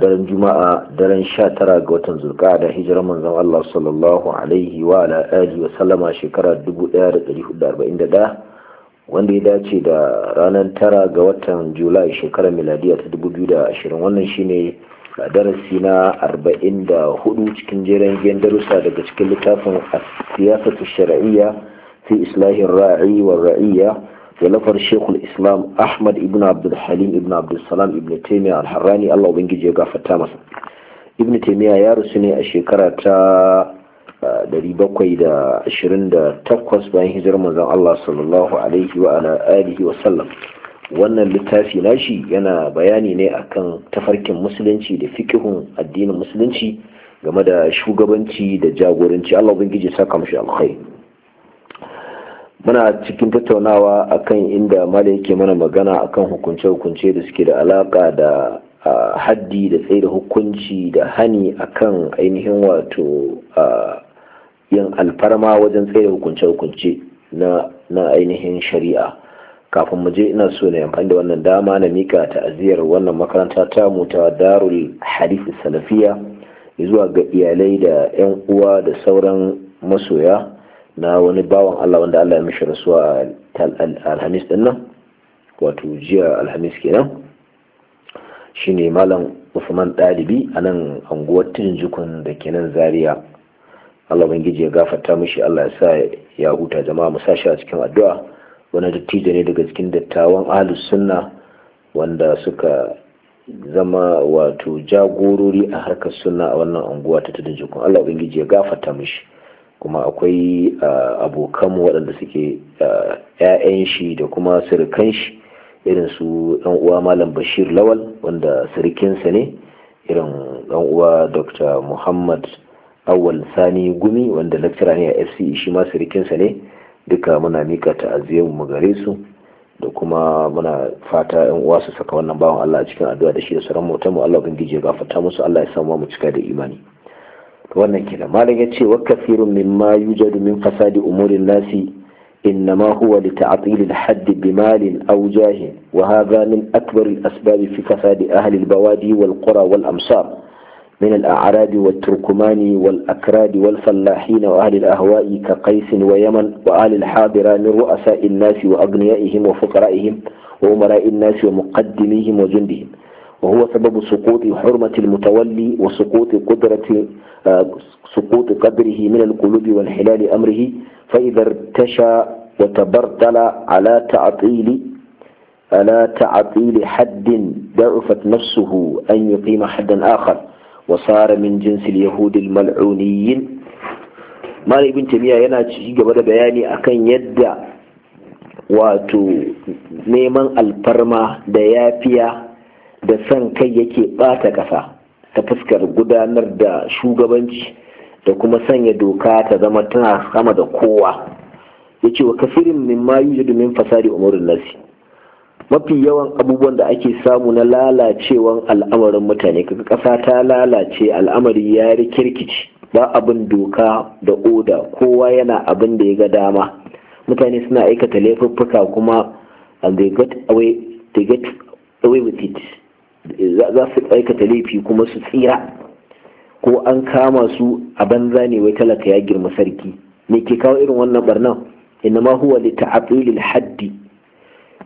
daren juma'a daren sha tara ga watan zurka da hijirar manzon Allah sallallahu alaihi wa ala alihi wa sallama shekara 1441 wanda ya dace da ranar tara ga watan julai shekarar miladiya ta 2020 wannan shine darasi na hudu cikin jeren gen darussa daga cikin littafin siyasatu shar'iyya fi islahin ra'i wa ra'iyya ولفر شيخ islam Ahmad ابن عبد الحليم ابن عبد السلام ابن تيمية الحراني الله بنجي جيغا فتامس ابن تيمية يا رسني الشيكرة تا da ashirin bayan hijirar manzon Allah sallallahu alaihi wa ala alihi wa sallam wannan littafi nashi yana bayani ne akan tafarkin musulunci da fikihun addinin musulunci game da shugabanci da jagoranci Allah ubangiji saka mashi alkhairi muna cikin tattaunawa akan inda mala yake mana magana akan hukunce-hukunce da suke da alaka da haddi da tsaye da hukunci da hani akan ainihin wato yin alfarma wajen tsaye da hukunce-hukunce na ainihin shari'a kafin mu je ina so na amfani da wannan dama na mika ta'aziyar wannan makaranta ta muta darul hadith salafiya zuwa ga iyalai da 'yan uwa da sauran masoya na wani bawan Allah wanda Allah ya mishi rasuwa alhamis din nan wato jiya alhamis kenan ne malam Usman ɗalibi a nan anguwar Tinjukun da kenan Zaria Allah ubangiji ya gafarta mishi Allah ya sa ya huta jama'a mu sashi a cikin addu'a wani dattijo ne daga cikin dattawan ahlus sunna wanda suka zama wato jagorori a harkar sunna a wannan anguwa ta jikun Allah ubangiji ya gafarta mishi kuma akwai ah, abokanmu waɗanda suke 'ya'yan ah, shi da kuma sirikan shi irin su ɗan uwa malam bashir lawal wanda surukinsa ne irin ɗan uwa dr muhammad awal sani gumi wanda lecturer ne a fce shi ma surukinsa ne duka muna mika mu gare su da kuma muna fata yan uwa su saka wannan bawan Allah a cikin addu'a da shi da sauran mu Allah ubangiji ya gafarta musu Allah ya samu mu cika da imani wannan kenan malam ya ce wa kafirun mimma yujadu min fasadi umurin nasi إنما هو لتعطيل الحد بمال أو جاه وهذا من أكبر الأسباب في فساد أهل البوادي والقرى والأمصار من الأعراب والتركمان والأكراد والفلاحين وأهل الأهواء كقيس ويمن وأهل الحاضرة من رؤساء الناس وأغنيائهم وفقرائهم وأمراء الناس ومقدميهم وجندهم وهو سبب سقوط حرمة المتولي وسقوط قدرة آه، سقوط قدره من القلوب والحلال أمره فإذا ارتشى وتبرتل على تعطيل على تعطيل حد ضعفت نفسه أن يقيم حدا آخر وصار من جنس اليهود الملعونيين ما ابن تيمية yana ci gaba بياني أكن akan yadda wato neman da san kai yake ɓata ƙasa ta fuskar gudanar da shugabanci da kuma sanya doka ta zama tana sama da kowa ya ce wa kafirin min ma yujadu domin fasari umarin nasi mafi yawan abubuwan da ake samu na lalacewan al'amarin mutane kaga ƙasa ta lalace al'amari ya rikirkici ba abin doka da oda kowa yana abin da ya ga dama mutane suna aikata laifuffuka kuma and they got away they with it za su aikata laifi kuma su tsira ko an kama su a banza ne wai talaka ya girma sarki me ke kawo irin wannan barnan Ina huwa li ta'tilil haddi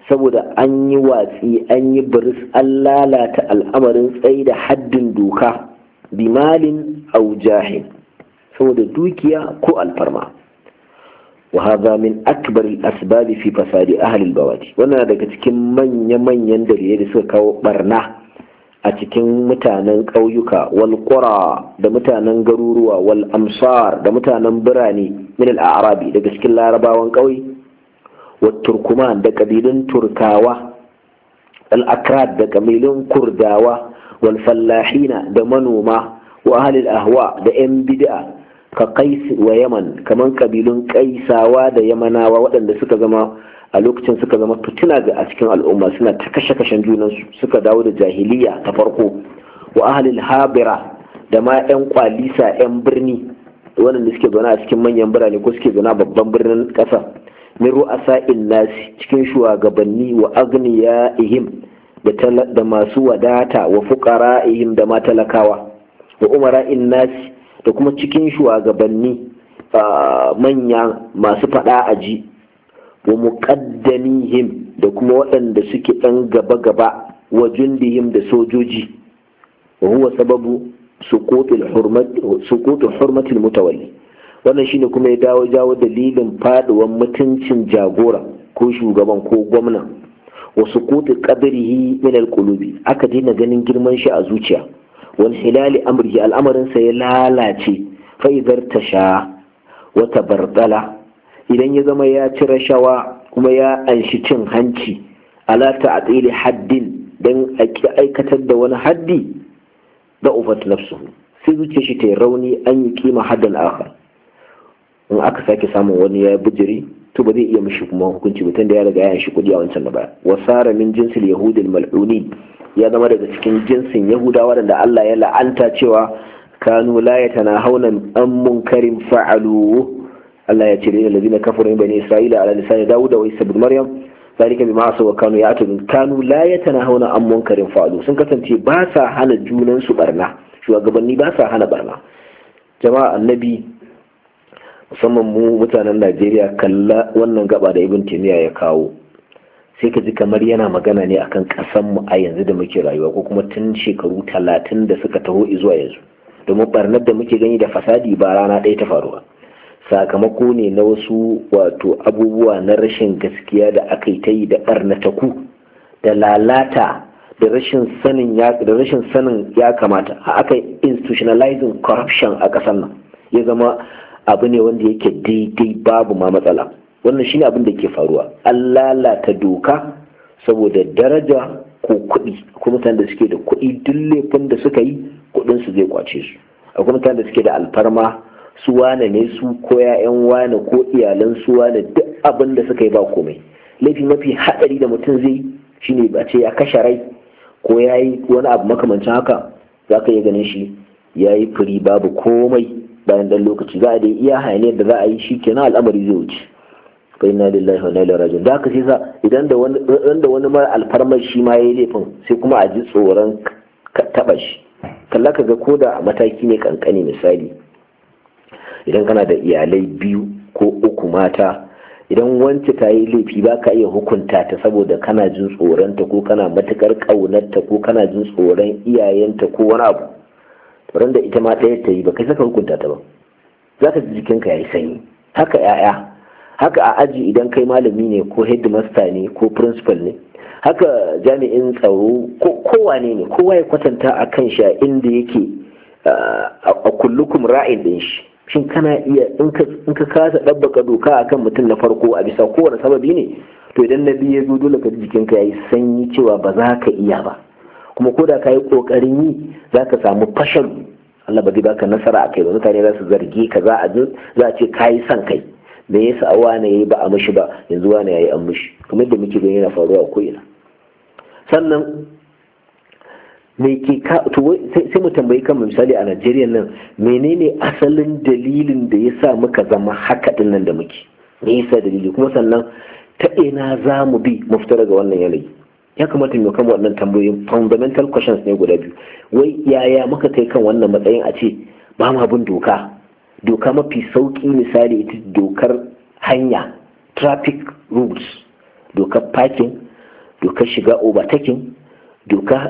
saboda an yi watsi an yi biris an lalata al'amarin tsaida haddin doka bimalin aw jahin saboda dukiya ko alfarma وهذا من أكبر الأسباب في فساد أهل البوادي وانا daga cikin manya-manyan dalilai da suka kawo ɓarna. a cikin mutanen ƙauyuka wal ƙura da mutanen garuruwa wal amsar da mutanen birane min al arabi daga cikin larabawan ƙauye wa turkuman da ƙabilun turkawa al akrad da kabilun kurdawa wal fallahina da manoma wa ahli al ahwa da yan bid'a ka qais wa yaman kaman kabilun qaisawa da yamanawa waɗanda suka zama a lokacin suka zama fituna ga a cikin al'umma suna ta kashe kashen junansu suka dawo da jahiliya ta farko wa ahlil habira da ma yan kwalisa yan birni waɗanda suke zana a cikin manyan birane ko suke zana babban birnin ƙasa min ru'asa nasi cikin shugabanni wa agniya ihim da masu wadata wa fuqara ihim da ma talakawa wa umara nasi da kuma cikin shugabanni ah, manya masu faɗa aji wa muqaddamihim da kuma waɗanda suke ɗan gaba-gaba wa jundihim da sojoji wa huwa sababu suqutu hurmatil mutawalli wannan shine kuma ya dawo jawo dalilin faduwan mutuncin jagora ko shugaban ko gwamna wa suqutu qadrihi min alqulubi aka daina ganin girman shi a zuciya wal hilali amrihi al'amarin sa ya lalace fa idar tasha wa tabardala idan ya zama ya ci rashawa kuma ya anshi cin hanci ala ta'tili haddin dan aikatar da wani haddi da ufat nafsu sai zuce shi ta yi rauni an yi kima haddan akhar in aka sake samun wani ya bijiri to ba zai iya mishi kuma hukunci ba tunda ya riga ya shi kudi a wancan gaba wasara min jinsil yahudil mal'uni ya zama daga cikin jinsin yahudawa da Allah ya la'anta cewa kanu la yatanahawna an munkarin fa'alu Allah ya ce da lazina kafaru min bani isra'ila ala lisani dawuda wa isa bin maryam zalika bima asaw wa kanu ya'tadun kanu la yatanahuna an munkarin fa'alu sun kasance ba sa hana junan su barna shugabanni ba sa hana barna jama'a annabi musamman mu mutanen Najeriya kalla wannan gaba da Ibn Taymiyyah ya kawo sai ka ji kamar yana magana ne akan kasan mu a yanzu da muke rayuwa ko kuma tun shekaru talatin da suka taho zuwa yanzu domin barnar da muke gani da fasadi ba rana ɗaya ta faruwa sakamako ne na wasu wato abubuwa na rashin gaskiya da aka yi ta yi da ɓarnataku da lalata da rashin sanin ya da rashin sanin ya kamata a aka institutionalizing corruption a ƙasar nan ya zama abu ne wanda yake daidai babu ma matsala wannan shine abin da ke faruwa an lalata doka saboda daraja ko kuɗi kuma mutanen da suke da kuɗi duk laifin da suka yi kuɗin su zai kwace su akwai mutanen da suke da alfarma su wane ne su ko ya'yan wane ko iyalan su wane duk abin da suka yi ba komai laifi mafi haɗari da mutum zai shine a ce ya kashe rai ko ya yi wani abu makamancin haka za ka iya ganin shi ya yi firi babu komai bayan ɗan lokaci za a dai iya hayaniyar da za a yi shi kenan al'amari zai wuce fa inna lillahi wa inna ilaihi raji'un da ka sai sa idan da wani da wani mara alfarmar shi ma yayi laifin sai kuma a ji tsoron taɓa shi kalla ka ga koda a mataki ne kankani misali idan kana da iyalai biyu ko uku mata idan wance ta yi laifi ba ka iya hukunta ta saboda kana jin tsoronta ko kana matukar ƙaunarta ko kana jin tsoron iyayenta ko wani abu tsoron da ita ma ɗaya ta yi ba kai saka hukunta ta ba za ka ji jikinka ya yi sanyi haka 'ya'ya haka a aji idan kai malami ne ko headmaster ne ko principal ne haka jami'in tsaro ko ne kowa ya kwatanta a kan shi inda yake a kullukum ra'in din shi shin kana iya in ka kasa ɗabbaka doka akan mutum na farko a bisa kowane sababi ne to idan na biyu ya zo dole ka jikinka ya yi sanyi cewa ba za ka iya ba kuma ko da ka yi ƙoƙarin yi za ka samu fashal Allah ba zai baka nasara a kai ba mutane za su zargi ka za a za a ce ka yi son kai me ya sa wane yayi ba a mishi ba yanzu wane yayi an mishi kamar da muke gani yana faruwa ko ina sannan ka sai mu tambayi kan misali a Najeriya nan menene asalin dalilin da ya sa muka zama haka nan da muke me yasa dalili kuma sannan ta ina za mu bi mu fita daga wannan yanayi ya kamata mu kan wannan tambayoyin fundamental questions ne guda biyu wai yaya muka kai kan wannan matsayin a ce ba ma bin doka doka mafi sauki misali ita dokar hanya traffic rules dokar parking dokar shiga overtaking doka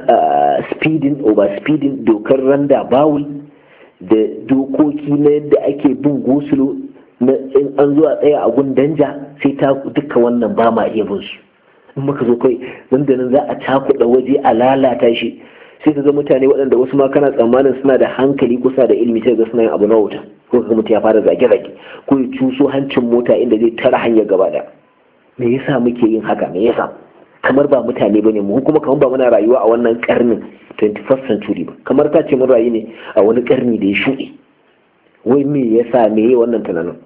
speeding over speeding dokar randa bawul da dokoki na yadda ake bin gosulo in an zuwa tsaya a gundanja sai ta duka wannan ba ma iya su in muka zo kai nan da nan za a cakuɗa waje a lalata shi sai ta ga mutane waɗanda wasu ma kana tsammanin suna da hankali kusa da ilimi sai ga suna yin abu na wuta ko ka mutum ya fara zage-zage ko ya cuso hancin mota inda zai tara hanyar gaba da me yasa muke yin haka me yasa kamar ba mutane bane mu kuma kamar ba muna rayuwa a wannan karnin 21st century ba kamar ta ce mun rayu ne a wani karni da ya shuɗe wai me yasa me yi wannan tunanin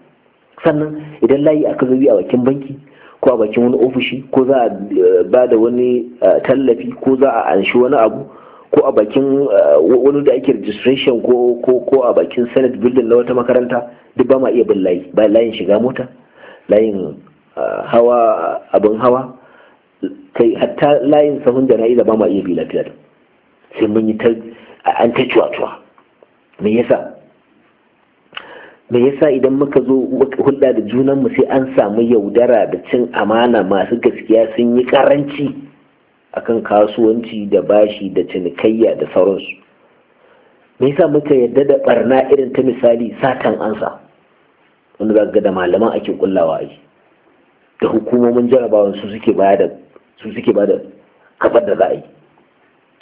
sannan idan layi aka zo a bakin banki ko a bakin wani ofishi ko za a eh, ba da wani eh, tallafi ko za a anshi wani abu ko a bakin eh, wani da ake registration ko ko a bakin senate building na wata makaranta duk ba ma iya bin layi ba layin shiga mota layin hawa abin hawa kai hatta layin sahun jana'iza ba ma iya bi lafiya da sai mun yi ta an ta cuwa-cuwa me yasa me yasa idan muka zo hulɗa da junan mu sai an samu yaudara da cin amana masu gaskiya sun yi karanci akan kasuwanci da bashi da cinikayya da sauransu me yasa muka yadda da barna irin ta misali satan ansa wanda za ga da malaman ake kullawa yi da hukumomin jarabawan su suke baya da su suke ba da kafar da za a yi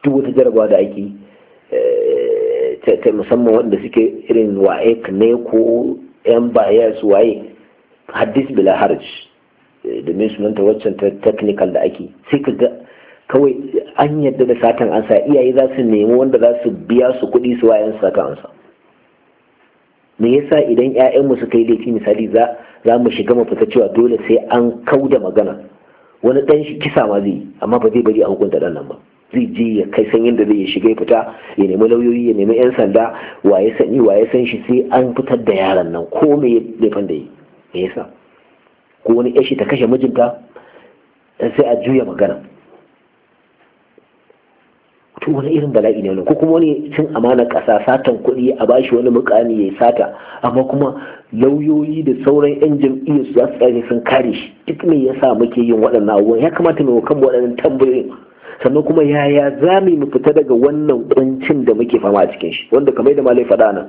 duk wata jarabawa da ake eh, ta musamman wanda suke irin waye ne ko yan baya su waye hadis bila harj eh, domin sunanta waccan ta technical da ake sai ka ga kawai an yadda da satan ansa iyaye za su nemi wanda za su biya su kuɗi su wayan satan ansa me yasa idan 'ya'yanmu suka yi laifi misali za mu shiga mu fita cewa dole sai an kau da magana wani ɗan shi kisa ma zai amma ba zai bari a hukunta dan nan ba zai je ya kai san yadda zai shiga ya fita ya nemi lauyoyi ya nemi yan sanda waye sani waye san shi sai an fitar da yaran nan ko me laifin da yi me yasa ko wani yashi ta kashe mijinta sai a juya magana to wani irin bala'i ne ko kuma wani cin amana kasa satan kuɗi a bashi wani mukami ya sata amma kuma lauyoyi da sauran yan Jam'iyya su za su tsaye sun kare shi duk me yasa muke yin waɗannan abubuwan ya kamata mu kan waɗannan tambayoyin sannan kuma yaya za mu fita daga wannan kuncin da muke fama a cikin shi wanda kamar da malai faɗa nan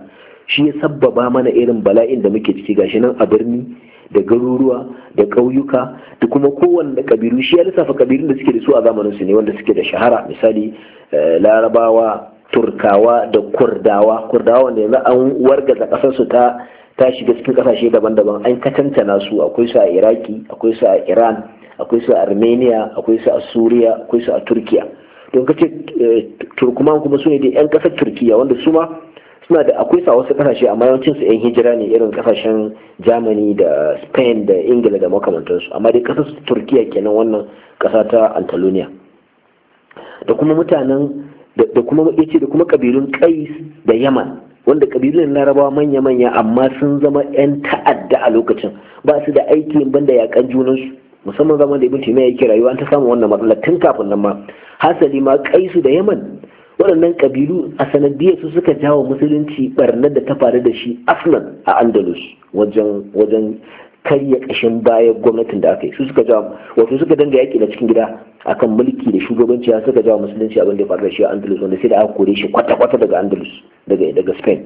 shi ya sabbaba mana irin bala'in da muke ciki gashi nan a birni da garuruwa da ƙauyuka da kuma kowanne kabilu shi ya lissafa kabilun da suke da su a zamanin su ne wanda suke da shahara misali eh, larabawa turkawa da kurdawa kurdawa wanda yanzu an wargaza ƙasar su ta ta shiga cikin ƙasashe daban-daban an katantana su akwai su a iraki akwai su a iran akwai su a armenia akwai su a suriya akwai su a turkiya don kace eh, turkuman kuma su ne da 'yan ƙasar turkiya wanda su ma suna da akwai sa wasu kasashe amma yawancin su yan hijira ne irin kasashen Germany da Spain da Ingila da makamantansu amma dai kasar Turkiya kenan wannan kasa ta antalonia da kuma mutanen da kuma yace da kuma kabilun Qais da Yaman wanda kabilun Larabawa manya-manya amma sun zama yan ta'adda a lokacin ba su da aiki banda yakan junansu musamman zaman da Ibn Taymiyyah yake rayuwa an ta samu wannan matsalar tun kafin nan ma hasali ma Qaisu da Yaman waɗannan ƙabilu a sanadiyar su suka jawo musulunci ɓarnar da ta faru da shi aslan a andalus wajen karya ƙashin baya gwamnatin da aka yi su suka jawo wato suka danga yaƙi na cikin gida akan mulki da shugabanci ya suka jawo musulunci abin da ya faru da shi a andalus wanda sai da aka kore shi kwata-kwata daga andalus daga spain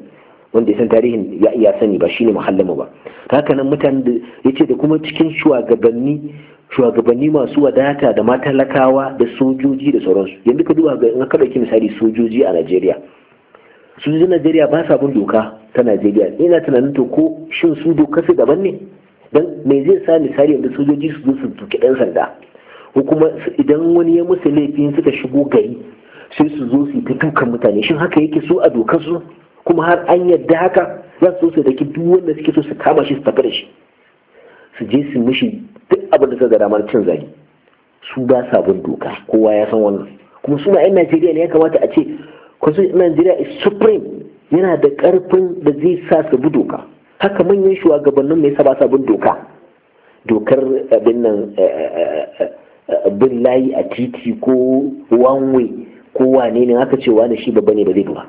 wanda ya san tarihin ya iya sani ba shine muhallama ba haka nan mutanen da ce da kuma cikin shugabanni shugabanni masu wadata da matalakawa da sojoji da sauransu yanzu ka duba ga ka ɗauki misali sojoji a najeriya sojojin najeriya ba sa bin doka ta najeriya ina tunanin to ko shin su doka su daban ne dan me zai sa misali yanzu sojoji su zo su tuki ɗan sanda ko kuma idan wani ya musu laifin suka shigo gari sai su zo su yi ta dukan mutane shin haka yake so a dokar su kuma har an yadda haka za su so su daki duk wanda suke so su kama shi su tafi da shi su je su mishi duk abin da suka ga damar cin zagi su ba sabon doka kowa ya san wannan kuma su ma 'yan najeriya ne ya kamata a ce kwasu najeriya is supreme yana da karfin da zai sa su doka haka manyan shugabannin mai sa sabon bin doka dokar abin nan eh, eh, eh, bin layi a titi ko one way ko wane ne aka cewa da shi babba ne ba zai bi ba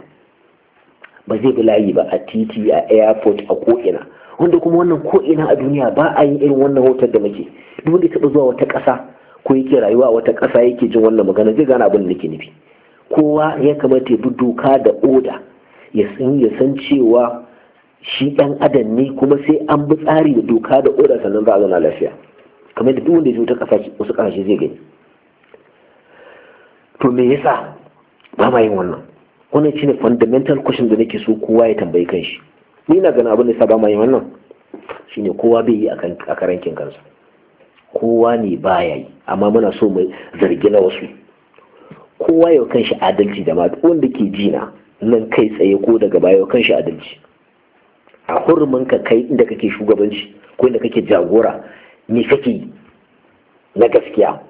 ba zai bi layi ba a titi a airport a ko'ina wanda kuma wannan ko ina a duniya ba a yi irin wannan hotar da muke duk wanda ya taɓa zuwa wata ƙasa ko yake rayuwa a wata ƙasa yake jin wannan magana zai gane abin da nake nufi kowa ya kamata ya bi doka da oda ya san ya san cewa shi ɗan adam ne kuma sai an bi tsari da doka da oda sannan za a zauna lafiya kamar da duk wanda ya zo ta ƙasa wasu ƙasashe zai gani to me yasa ba ma yin wannan wannan shine fundamental question da nake so kowa ya tambayi kanshi ni na gani abin da saba mai wannan shine kowa bai yi a karankin kansa kowa ne baya yi amma muna so mai zargi na wasu kowa yau kanshi adalci da mata wanda ke jina nan kai tsaye ko daga baya kan kanshi adalci a hurumin ka kai inda kake shugabanci ko inda kake jagora me kake na gaskiya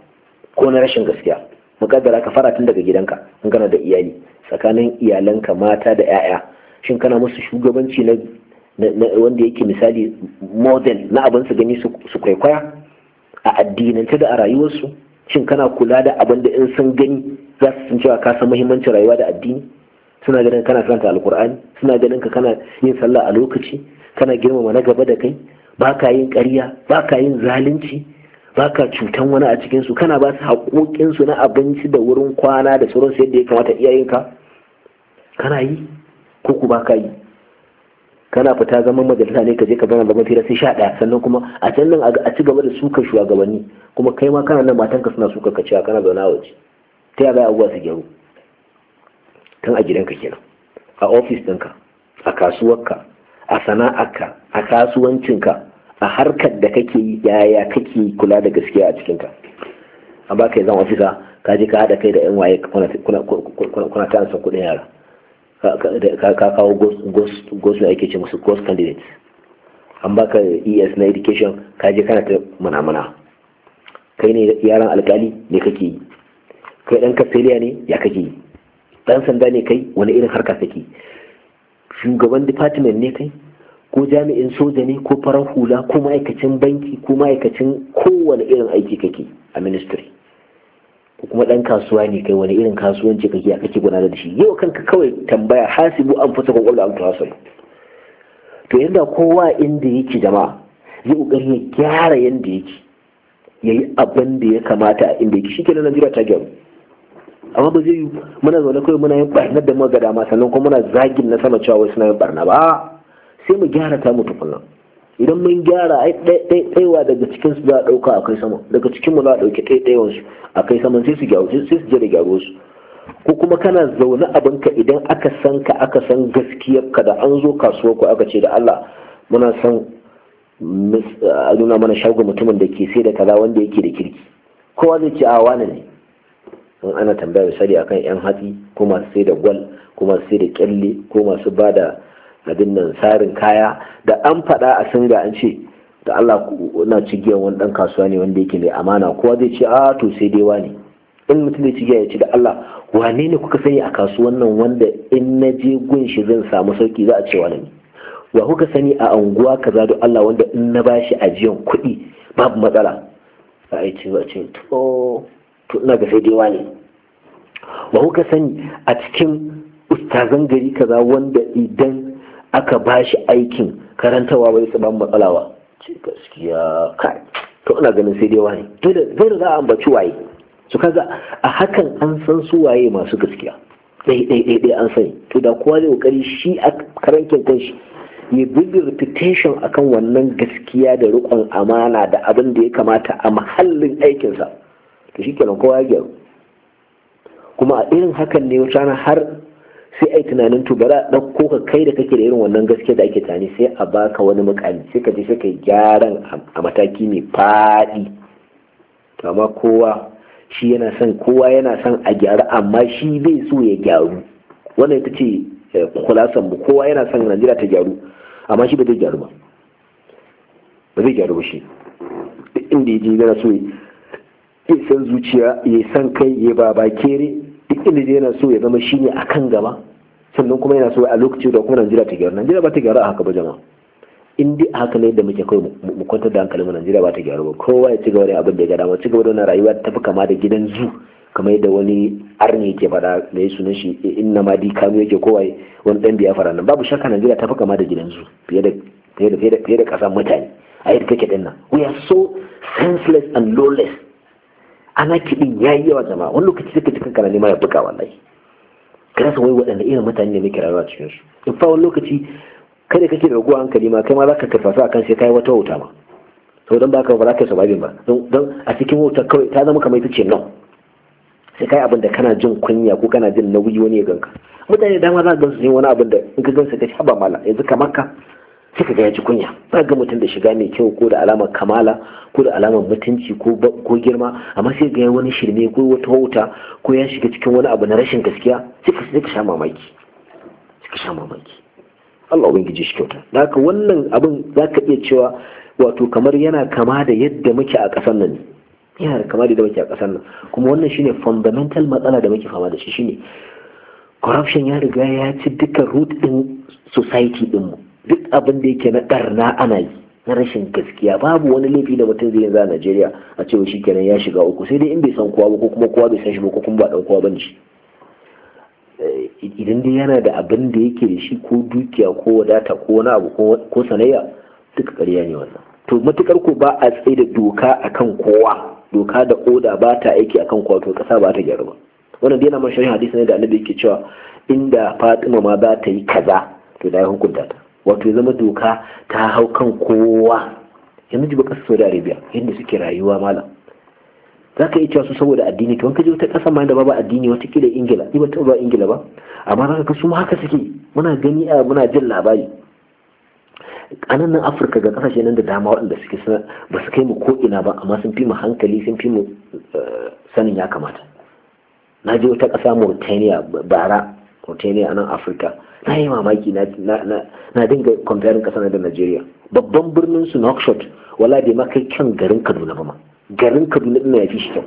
ko na rashin gaskiya mukaddara ka fara tun daga gidanka in kana da iyali tsakanin iyalanka mata da 'ya'ya shin kana musu shugabanci na wanda yake misali model na abin su gani su kwaikwaya a addinance da a rayuwarsu shin kana kula da abin da in sun gani za su san cewa ka san muhimmancin rayuwa da addini suna ganin kana karanta alkur'ani suna ganin ka kana yin sallah a lokaci kana girmama na gaba da kai ba ka yin ƙarya ba ka yin zalunci ba ka cutan wani a cikinsu kana ba su haƙoƙinsu na abinci da wurin kwana da sauransu yadda ya kamata iyayenka kana yi ko ku ba ka yi kana fita zaman majalisa ne ka je ka zana zaman fira sai sha sannan kuma a can nan a ci gaba da suka shugabanni kuma kai ma kana nan matanka suna suka ka cewa kana zauna waje ta yaya abubuwa su gyaru tun a gidanka kenan a ofis ɗinka a kasuwarka a sana'arka a kasuwancinka a harkar da kake yi yaya kake kula da gaskiya a cikinka a yi zan ofisa ka je ka haɗa kai da yan waye kuna ta kuɗin yara ka kawo gosu ake ce musu ghost candidates an baka es na education ka je kana ta mana mana. kai ne yaran alkali ne kake yi kai dan kastiliya ne ya kake yi dan sanda ne kai wani irin harka kake shugaban department ne kai ko jami'in soja ne ko farar hula ko ma'aikacin banki ko ma'aikacin kowane irin aiki kake a ministry ko kuma ɗan kasuwa ne kai wani irin kasuwanci kake a kake gudana da shi yau kanka kawai tambaya hasibu an fasa kwakwalwa an tuhasabu to yanda kowa inda yake jama'a zai kokari ya gyara yadda yake ya yi abin da ya kamata a inda yake shikenan Najeriya ta gyaru amma ba zai yi muna zaune kawai muna yin barnar da magada ga sannan kuma muna zagin na sama cewa wai suna yin barna ba sai mu gyara ta mu tukunna idan mun gyara ai ɗaiɗaiwa daga cikin su za a ɗauka a kai sama daga cikin mu za a ɗauki ɗaiɗaiwan a kai sama sai su gyaru sai su je da gyaru su ko kuma kana zaune abinka idan aka san ka aka san gaskiyar ka da an zo kasuwar ku aka ce da Allah muna san a nuna mana shago mutumin da ke sai da kaza wanda yake da kirki kowa zai ce a wani ne in ana tambaya misali akan yan hatsi ko masu sai da gwal ko masu sai da kyalle ko masu ba da abin dinnan sarin kaya da an faɗa a singa an ce da Allah na cigiya wani ɗan kasuwa ne wanda yake mai amana kowa zai ce a ah, to sai dai wani in mutum zai cigiya ya ce da Allah wane ne kuka sani a kasuwan nan wanda in na je gun shi zan samu sauki za a ce wani wa kuka sani a anguwa kaza da Allah wanda in na bashi ajiyan kuɗi babu matsala za a ce ba ce to na ga sai dai wani wa kuka sani a cikin ustazan gari kaza wanda idan aka ba shi aikin karantawa bai su ban matsala ba ce gaskiya kai to ina ganin sai dai wani da za a ambaci waye su kaza a hakan an san su waye masu gaskiya dai dai dai dai an sani to da kowa zai kokari shi a karankin kanshi ya build reputation akan wannan gaskiya da rikon amana da abin da ya kamata a mahallin aikinsa to shikenan kowa ya gyaru kuma a irin hakan ne wata har sai ai tunanin to bara ɗauko ka kai da kake da irin wannan gaske da ake tunani sai a baka wani mukami sai ka je sai kai gyaran a mataki mai faɗi to amma kowa shi yana son kowa yana son a gyaru amma shi bai so ya gyaru wannan ita ce eh, kulasan mu kowa yana son Najeriya ta gyaru amma shi ba zai gyaru ba ba zai gyaru ba shi inda ya je yana so ya san zuciya ya san kai ya ba ba kere duk inda je yana so ya zama shi ne a kan gaba sannan kuma yana so a lokaci da kuma najeriya ta gyaru najeriya ba ta gyaru a haka ba jama'a in dai haka ne da muke kai mu kwantar da hankalin mu najeriya ba ta gyaru ba kowa ya ci gaba da abin da ya gada ma ci gaba da wannan rayuwa ta fi kama da gidan zu kamar yadda wani arni yake faɗa da ya na shi inna ma di kamu yake kowa wani dan biya fara nan babu shakka najeriya ta fi kama da gidan zu fiye da fiye da fiye da ƙasar mutane a yadda take ɗin nan we are so senseless and lawless ana kiɗin ya yi yawa jama'a wani lokaci suka cikin kana nema ya buga wallahi ka rasa wai waɗanda irin mutane ne muke rayuwa cikin su in fa wani lokaci kada kake da raguwa hankali ma kai ma za ka a kan sai yi wata wuta ma to don baka ba za ka yi sababin ba don a cikin wuta kawai ta zama kamar ita ce nan sai kai abin da kana jin kunya ko kana jin nauyi wani ya ganka mutane da dama za ka gansu ne wani abin da in ka gansu ka ci haba mala yanzu kamar ka Suka ga ya ji kunya ba ga mutum da shiga mai kyau ko da alamar kamala ko da alamar mutunci ko girma amma sai ga wani shirme ko wata wauta ko ya shiga cikin wani abu na rashin gaskiya sai sha mamaki suka sha mamaki Allah ubangiji shi kyauta da haka wannan abin za ka iya cewa wato kamar yana kama da yadda muke a ƙasar nan yana kama da yadda muke a ƙasar nan kuma wannan shine fundamental matsala da muke fama da shi shine corruption ya riga ya ci dukkan root din society din mu duk abin da yake na ɗarna ana yi na rashin gaskiya babu wani laifi da mutum zai yanzu a Najeriya a cewa shi kenan ya shiga uku sai dai in bai san kowa ba ko kuma kowa bai san shi ba ko kuma ba dan kowa bane eh, idan dai yana da abin da yake da shi ko dukiya ko wadata ko wani abu ko sanayya duk ƙarya ne wannan to matukar ko ba a tsaye da doka akan kowa doka da oda ba ta aiki akan kowa to ƙasa ba ta gyaru ba wannan dai yana man shari'a hadisi ne da annabi yake cewa inda Fatima ma za ta yi kaza to da ya hukunta ta wato ya zama doka ta hau kan kowa yanzu ji kasar saudi arabia yadda suke rayuwa malam za ka iya cewa su saboda addini kamar ka ji wata ƙasa ma da babu addini wata kila ingila ni ba ta zuwa ingila ba amma za ka su ma haka suke muna gani a muna jin labari ƙananan afirka ga ƙasashe nan da dama waɗanda suke ba su kai mu ko ina ba amma sun fi mu hankali sun fi mu eh, sanin ya kamata na je wata kasa mauritania bara ne a nan afirka na yi mamaki na dinga kwamfiyarin kasar da najeriya babban birnin su nokshot wala da ma kai kyan garin kaduna ba ma garin kaduna ina ya fi shi kyau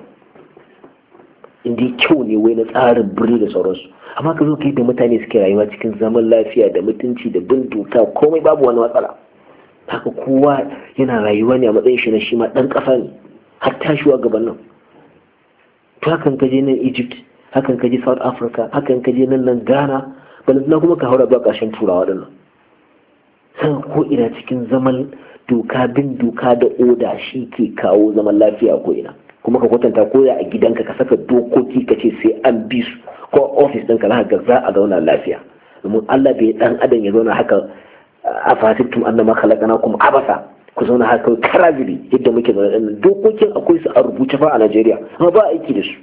inda kyau ne wai na tsarin birni da sauransu amma ka zo ka da mutane suke rayuwa cikin zaman lafiya da mutunci da bin doka komai babu wani matsala haka kowa yana rayuwa ne a matsayin shi na shi ma ɗan kasa ne har tashiwa gaban nan to hakan ka je nan egypt hakan ka je south africa hakan ka je nan nan ghana balantana kuma ka haura ba ƙarshen turawa nan san ko ina cikin zaman doka bin doka da oda shi ke kawo zaman lafiya ko ina kuma ka kwatanta ko ya a gidanka ka saka dokoki ka ce sai an bi su ko ofis ɗinka na ga za a zauna lafiya domin Allah bai dan adam ya zauna haka a fasiktum annama kuma abasa ku zauna haka karabiri yadda muke zaune dokokin akwai su a rubuce fa a Najeriya amma ba aiki da su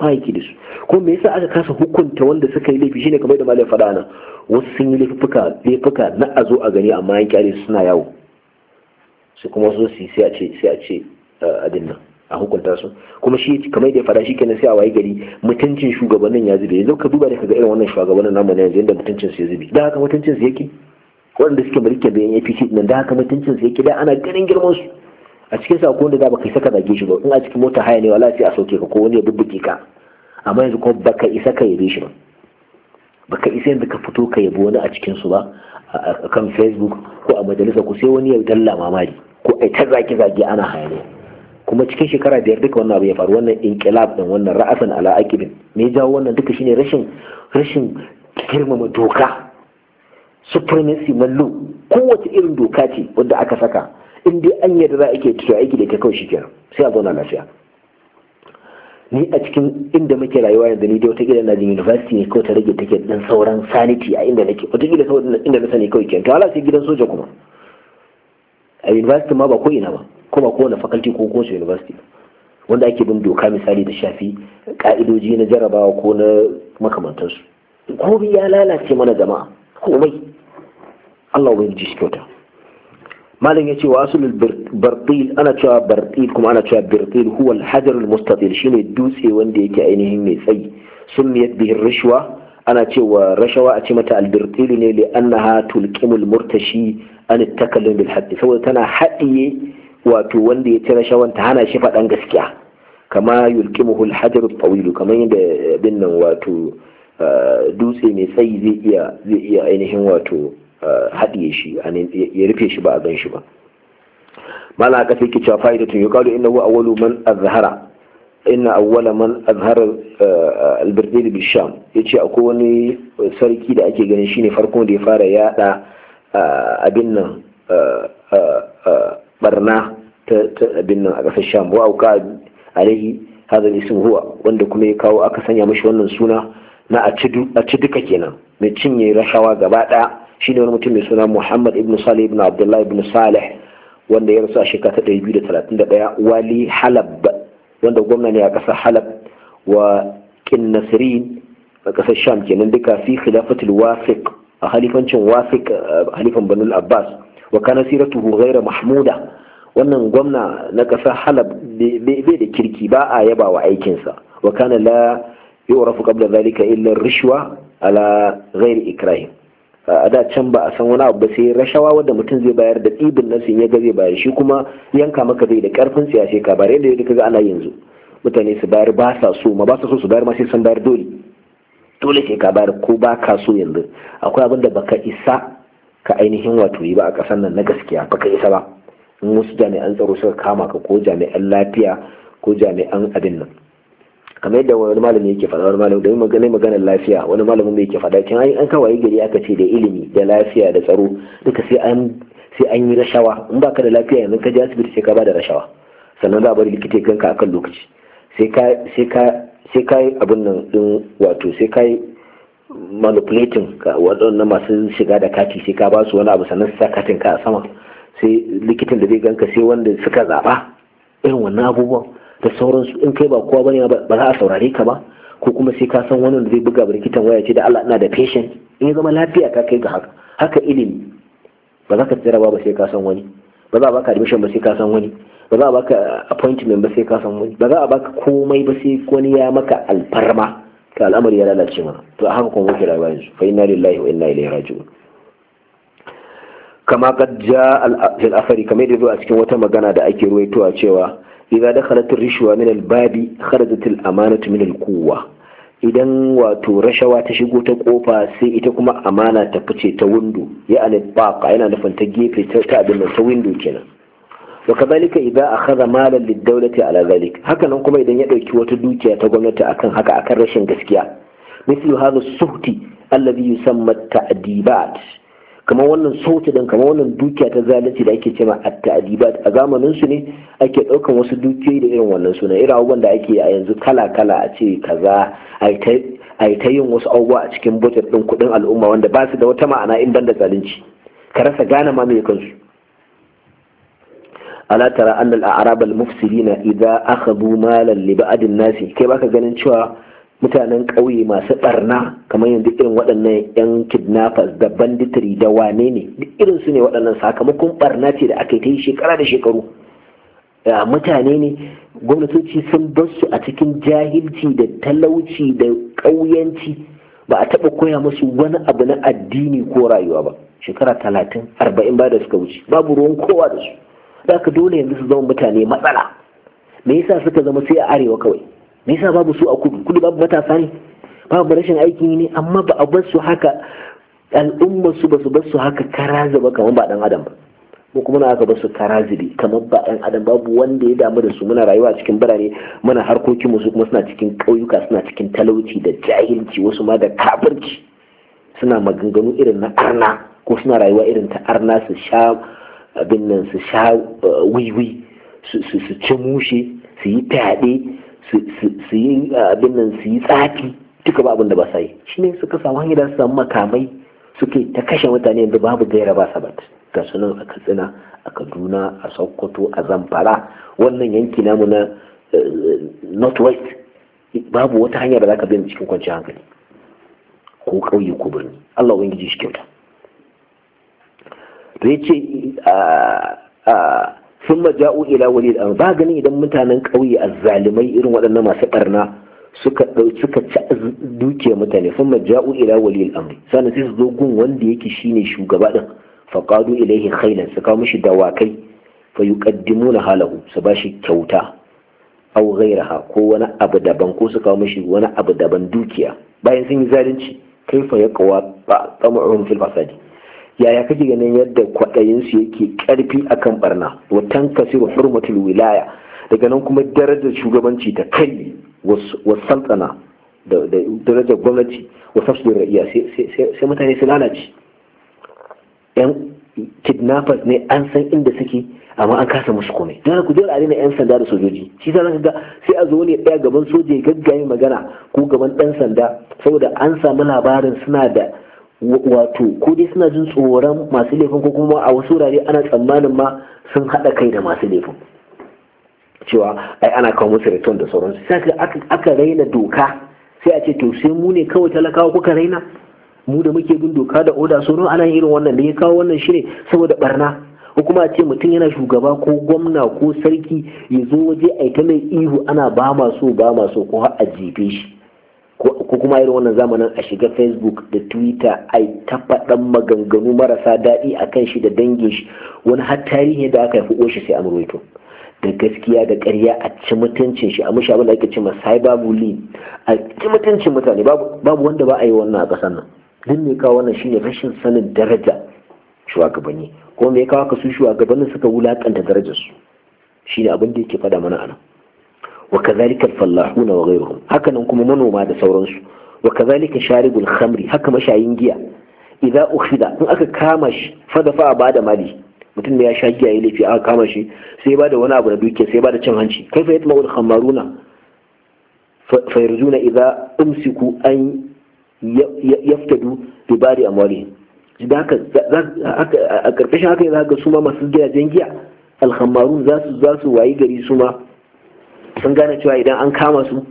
ba yake da su ko me yasa aka kasa hukunta wanda suka yi laifi shine kamar da malam faɗa nan wasu sun yi laifuka laifuka na a zo a gani amma an kyale suna yawo su kuma su su sai a ce sai a ce a dinnan a hukunta su kuma shi kamar da ya faɗa shikenan sai a waye gari mutuncin shugabannin ya zube yanzu ka duba da kaga irin wannan shugabannin namu na yanzu yanda mutuncin su ya zube da haka mutuncin su yake waɗanda suke mulki da yan APC nan da haka mutuncin su yake da ana ganin girman su a cikin sa akwai wanda da baka isa ka zage shi ba in a cikin mota haya ne wala sai a sauke ka ko wani ya bubbuke ka amma yanzu ko baka isa ka yabe shi ba baka isa yanzu ka fito ka yabo wani a cikin su ba a kan facebook ko a majalisa ko sai wani ya dalla mamari ko ai ta zaki zaki ana haya ne. kuma cikin shekara biyar duka wannan abu ya faru wannan inqilab din wannan ra'asan ala aqibin me jawo wannan duka shine rashin rashin girmama doka supremacy mallu kowace irin doka ce wanda aka saka in dai an yadda za a ke tuto aiki da ke kawai shi kenan sai a zauna lafiya ni a cikin inda muke rayuwa yanzu ni da wata gidan na university ne kawai ta rage take dan sauran sanity a inda nake wata gidan saboda inda na sani kawai kenan to ala sai gidan soja kuma a university ma ba ko ina ba ko ba kowane faculty ko kowace university wanda ake bin doka misali da shafi ka'idoji na jarabawa ko na makamantansu gobe ya lalace mana jama'a komai Allah wani shi kyauta malam yace wa asulul barqil ana cewa barqil kuma ana cewa barqil huwa al-hajar al-mustatil shine dutse wanda yake ainihin mai tsayi summiyat bihi rishwa ana cewa rashawa a ce mata al-barqil ne li annaha tulqimul murtashi an takallum bil saboda tana hadiye wato wanda ya ci rashawan ta hana shi faɗan gaskiya kama yulqimuhu al-hajar al-tawil kamar yadda bin nan wato eh, dutse mai tsayi zai iya zai iya ainihin wato haɗiye shi ya rufe shi ba a gan shi ba mana aka sai kicewa fa'idatun ya kalu inna awwalu man azhara inna awwala man azhara eh, albirdin bisham? ya ce akwai wani sarki da ake ganin shi ne farkon da ya fara yada eh, abin nan eh, barna ta abin nan a kasar sham wa auka alaihi hadha sun huwa wanda kuma ya kawo aka sanya mashi wannan suna na a ci duka kenan mai cinye rashawa gaba ɗaya shine wani mutum mai suna Muhammad ibn Salih ibn Abdullah ibn Salih wanda ya rasu a shekara ta 231 wali Halab wanda gwamna ne a ƙasar Halab wa Qinnasrin a ƙasar Sham kenan duka fi khilafatul Wasiq a halifancin Wasiq halifan Abbas wa kana siratuhu ghayra mahmuda wannan gwamna na kasar Halab bai da kirki ba a yaba wa aikinsa wa kana la yu'rafu qabla dhalika illa rishwa ala ghairi ikrahim a da can ba a san wani abu ba sai rashawa wanda mutum zai bayar da ɗibin na sun yaga zai bayar shi kuma yanka maka zai da karfin siyasai ka bare da yadda kaga ana yanzu mutane su bayar ba sa so ma ba sa so su bayar ma sai san bayar dole dole sai ka bayar ko ba ka so yanzu akwai abin da baka isa ka ainihin wato yi ba a ƙasar nan na gaskiya baka isa ba in wasu jami'an tsaro suka kama ka ko jami'an lafiya ko jami'an abin nan kamar yadda wani malami yake faɗa wani malami domin maganar maganar lafiya wani malami mai yake faɗa kin an an kawai gari aka ce da ilimi da lafiya da tsaro duka sai an sai an yi rashawa in baka da lafiya yanzu ka je asibiti sai ka bada rashawa sannan za a bari likita kanka akan lokaci sai ka sai ka sai ka yi abin nan din wato sai ka yi manipulating waɗannan masu shiga da kati sai ka ba su wani abu sannan sa katin ka a sama sai likitan da zai ganka sai wanda suka zaba irin wannan abubuwan da sauransu in kai ba kowa bane ba za a saurare ka ba ko kuma sai ka san wani da zai buga likitan waya ce da Allah ina da patient in ya zama lafiya ka kai ga haka haka ilimi ba za ka tsira ba sai ka san wani ba za a baka admission ba sai ka san wani ba za a baka appointment ba sai ka san wani ba za a baka komai ba sai wani ya maka alfarma ka al'amari ya lalace mana to haka kuma muke rayuwa yanzu fa inna lillahi wa inna ilaihi raji'un kama kad ja al-afari kamar da zo a cikin wata magana da ake ruwaitowa cewa idza dakhalat ar-rishwa min al-babi kharajat al-amanatu min al idan wato rashawa ta shigo ta kofa sai ita kuma amana ta fice ta windo ya alifaka yana nufin ta gefe ta abin ta windo kenan wa kazalika idza akhadha malan lid-dawlati ala zalik haka nan kuma idan ya dauki wata dukiya ta gwamnati akan haka akan rashin gaskiya mislu hadha suhti alladhi yusamma tadibat kamar wannan sautudan kamar wannan dukiya ta zalunci da ake cewa a ta'adibat a zamanin su ne ake daukan wasu dukiyoyi da irin wannan suna irin abubuwan da ake a yanzu kala kala a ce kaza a yi ta yin wasu abubuwa a cikin budget ɗin kudin al'umma wanda ba su da wata ma'ana in banda zalunci ka rasa gane ma mai kansu ala tara annal a'rab al mufsidina aka akhadhu malan li ba'd an-nas kai baka ganin cewa mutanen ƙauye masu ɓarna kamar yanzu irin waɗannan 'yan kidnappers da banditiri da wane ne duk irin su ne waɗannan sakamakon ɓarna ce da aka yi ta yi shekara da shekaru mutane ne gwamnatoci sun bar su a cikin jahilci da talauci da ƙauyanci ba a taɓa koya musu wani abu na addini ko rayuwa ba shekara talatin arba'in ba da suka wuce babu ruwan kowa da su da dole yanzu su zama mutane matsala me yasa suka zama sai a arewa kawai me yasa babu su a kudu kudu babu matasa ne babu rashin aiki ne amma ba a basu su haka al'umma su ba su bar haka karaza ba kamar ba dan adam ba ko kuma na aka basu karazibi kamar ba ɗan adam babu wanda ya damu da su muna rayuwa cikin birane muna harkokin mu su kuma suna cikin ƙauyuka suna cikin talauci da jahilci wasu ma da kafirci suna maganganu irin na arna ko suna rayuwa irin ta arna su sha abin nan su sha eh, wiwi su ci mushe su yi fyaɗe su yi abin nan su yi tsafi duka ba abin da ba sa yi shi ne suka samu hanyar da su samu makamai suke ta kashe mutane yanzu babu gaira ba bat ga sunan a katsina a kaduna a sokoto a zamfara wannan yanki namu na eh, west babu wata hanya da za ka bin cikin kwanciyar hankali ko ƙauye ko birni allah ubangiji shi kyauta sun ja'u ila wali da ba ganin idan mutanen ƙauye a zalimai irin waɗannan masu ɓarna suka suka ci dukiyar mutane sun ja'u ila wali al'amr sannan sai su zo gun wanda yake shine shugaba din faƙadu ilayhi khailan su kawo mishi dawakai fa yuqaddimuna halahu su ba shi kyauta aw ghairaha ko wani abu daban ko su kawo mishi wani abu daban dukiya bayan sun yi zalunci kaifa yaqwa tamu'un fil fasadi yaya kake ganin yadda su yake ƙarfi akan barna wa tankasiru hurmatul wilaya daga nan kuma darajar shugabanci ta kai wa saltana da darajar gwamnati wa tafsirin ra'iya sai mutane su lalace yan kidnappers ne an san inda suke amma an kasa musu komai don ku dole a daina yan sanda da sojoji shi sa zaka ga sai a zo ne daya gaban soja ya gaggaye magana ko gaban ɗan sanda saboda an samu labarin suna da wato ko dai suna jin tsoron masu laifin ko kuma a wasu wurare ana tsammanin ma sun haɗa kai da masu laifin cewa ai ana kawo musu return da sauransu sai aka raina doka sai a ce to sai mu ne kawai talakawa kuka raina mu da muke bin doka da oda sauran ana irin wannan da ya kawo wannan shine saboda barna ko kuma a ce mutum yana shugaba ko gwamna ko sarki ya zo waje a ta mai ihu ana ba ma so ba ma so ko har a jefe shi ko kuma irin wannan zamanin a shiga facebook da twitter a yi tafaɗan maganganu marasa daɗi a kan shi da dangin shi wani har tarihi da aka haifi shi sai an ruwaito da gaskiya da ƙarya a ci mutuncin shi a mushi abin da ake ce cyber bullying a ci mutuncin mutane babu wanda ba a yi wannan a ƙasar nan don me kawo wannan shine rashin sanin daraja shugabanni kuma me kawo ka su shugabannin suka wulaƙanta darajarsu? shine abin da yake faɗa mana a nan wa kazalika fallahuna wa ghayruhum hakanan kuma manoma da sauransu wa kazalika sharibul khamri haka mashayin giya idza ukhida in aka kama shi fa dafa ba da mali mutum ne ya sha giya ya laifi aka kama shi sai ba da wani abu da dukiya sai ba cin hanci kaifa yatma ul khamaruna fa yarzuna idza umsiku an yaftadu bi bari da haka a karkashin haka za ga suma masu gidajen giya alhammarun za su wayi gari suma. sun gane cewa idan an kama su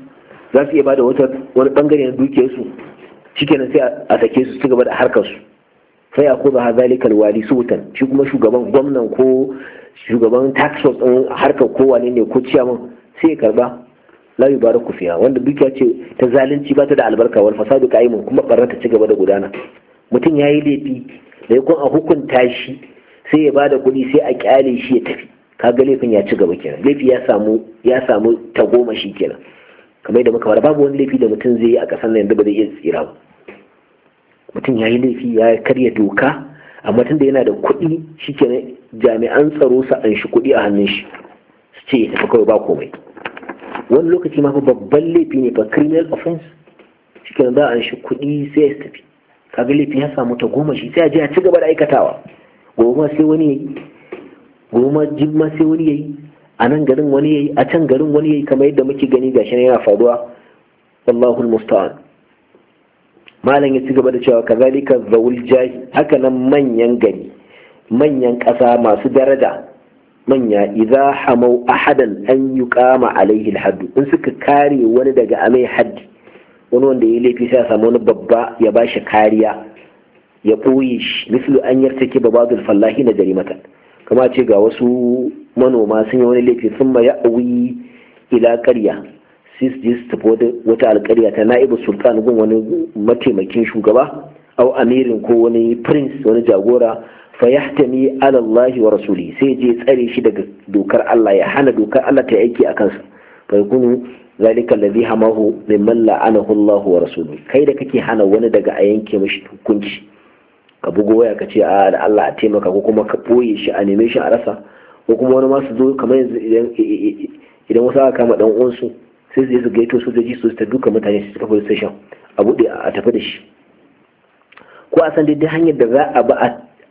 za su iya bada wata wani bangare na dukiyar su shikenan sai a sake su su gaba da harkar su sai ya kuza hazalika su sultan shi kuma shugaban gwamnan ko shugaban tax force din harkar kowa ne ko ciyaman sai ya karba la yubaraku fiha wanda dukiya ce ta zalunci ba ta da albarka wal fasadu qa'imun kuma barna ta ci gaba da gudana mutum yayi laifi da yakon a hukunta shi sai ya bada kuɗi sai a kyale shi ya tafi Ka ga laifin ya ci gaba kenan laifi ya samu ya samu shi kenan kamar yadda muka fara babu wani laifi da mutum zai yi a ƙasar nan da ba zai iya tsira ba mutum ya yi laifi ya karya doka amma tun da yana da kuɗi shi kenan jami'an tsaro su an shi kuɗi a hannun shi su ce ya tafi kawai ba komai wani lokaci ma fa babban laifi ne fa criminal offense kenan za a shi kuɗi sai ya tafi kaga laifi ya samu ta goma shi, sai a je a ci gaba da aikatawa gobe ma sai wani goma jimma sai wani yayi a nan garin wani yayi a can garin wani yayi kamar yadda muke gani gashi yana faruwa wallahu musta'an malam ya ci gaba da cewa kazalika zawul jahi haka nan manyan gari manyan ƙasa masu daraja manya idza hamau ahadan an yuqama alaihi alhaddu in suka kare wani daga amai haddi wani wanda ya laifi sai ya samu wani babba ya bashi kariya ya ɓoye shi mislu an yartake babadul fallahi na jarimatan kama ce ga wasu manoma sun yi wani laifi sun ma ya'awi ila karya sis jis wata alkarya ta na'ibu sultan gun wani mataimakin shugaba au amirin ko wani prince wani jagora fa yahtami ala alallahi wa rasuli sai je tsare shi daga dokar Allah ya hana dokar Allah ta aiki a kansa fa kunu zalika alladhi hamahu mimman la'anahu Allah wa rasuluhu kai da kake hana wani daga a yanke mishi hukunci ka bugo waya ka ce a da Allah a taimaka ko kuma ka boye shi a neme shi a rasa ko kuma wani masu zo kamar yanzu idan wasu aka kama dan uwansu sai su je su gaito sojoji su ta duka mutane su tafi station a buɗe a tafi da shi ko a san daidai hanyar da za a ba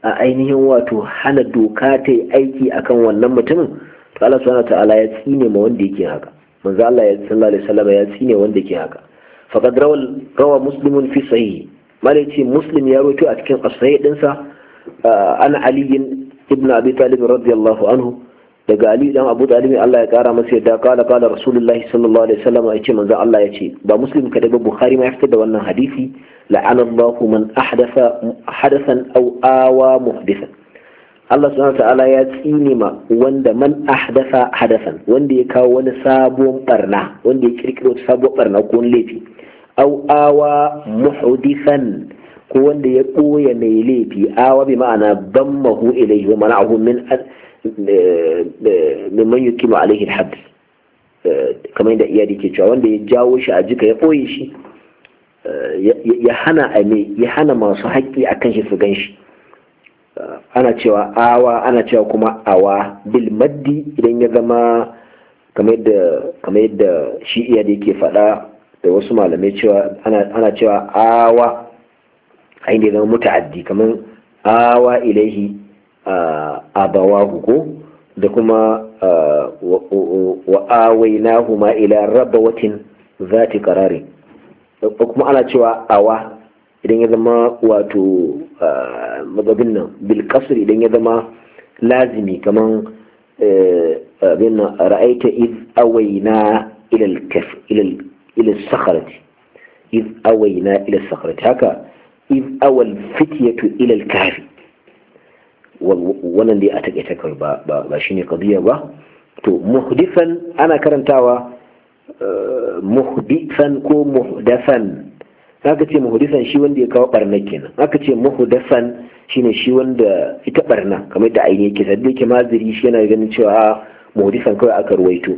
a ainihin wato hana doka ta yi aiki akan wannan mutumin to Allah subhanahu ta'ala ya tsine ma wanda yake haka manzo Allah ya sallallahu alaihi wasallam ya tsine wanda yake haka faqad rawa muslimun fi sahihi malai ce muslim ya roto a cikin asahai dinsa uh, ana aliyin ibn abi talib radiyallahu anhu daga ali dan abu talib Allah ya kara masa yadda kala kala rasulullahi sallallahu alaihi wasallam ya ce manzo Allah ya ce ba muslim kada ba bukhari ma ya fitar da wannan hadisi allahu man ahdatha hadathan aw awa muhdithan Allah subhanahu ta'ala ya tsine ma wanda man ahdatha hadathan wanda ya kawo wani sabon barna wanda ya kirkiro sabuwar barna ko laifi au awa muhdithan ko wanda ya ɓoye mai laifi awa bi ma'ana dammahu ilayhi wa mana'ahu min eh, eh, min man yukimu alaihi alhad eh, kamar yadda iyali ke cewa wanda ya jawo shi a jika ya ɓoye shi ya hana ya hana masu haƙƙi a kan shi su gan shi ana cewa awa ana cewa kuma awa bil maddi idan ya zama kamar yadda shi iyali ke faɗa da wasu malamai cewa ana cewa awa ainihin zama muta'addi kamar awa ilaihi abawahu ko da kuma wa'awai na huma ila watin zati karari kuma ana cewa awa idan ya zama wato magabin nan bilkasir idan ya zama lazimi kamar eh, ra'aita iz na ilal ila sakharati إذ أوينا ila sakharati haka إذ أوى الفتية ila الكهف ولن wannan أتك a takaice kawai ba ba shine qadiya ba to مهدفا ana karantawa muhdifan ko muhdafan aka ce shi wanda ya kawo barna kenan aka ce shi shine shi wanda ita barna kamar da aini yake sabbi yake maziri shi yana ganin cewa muhdisan kawai aka ruwaito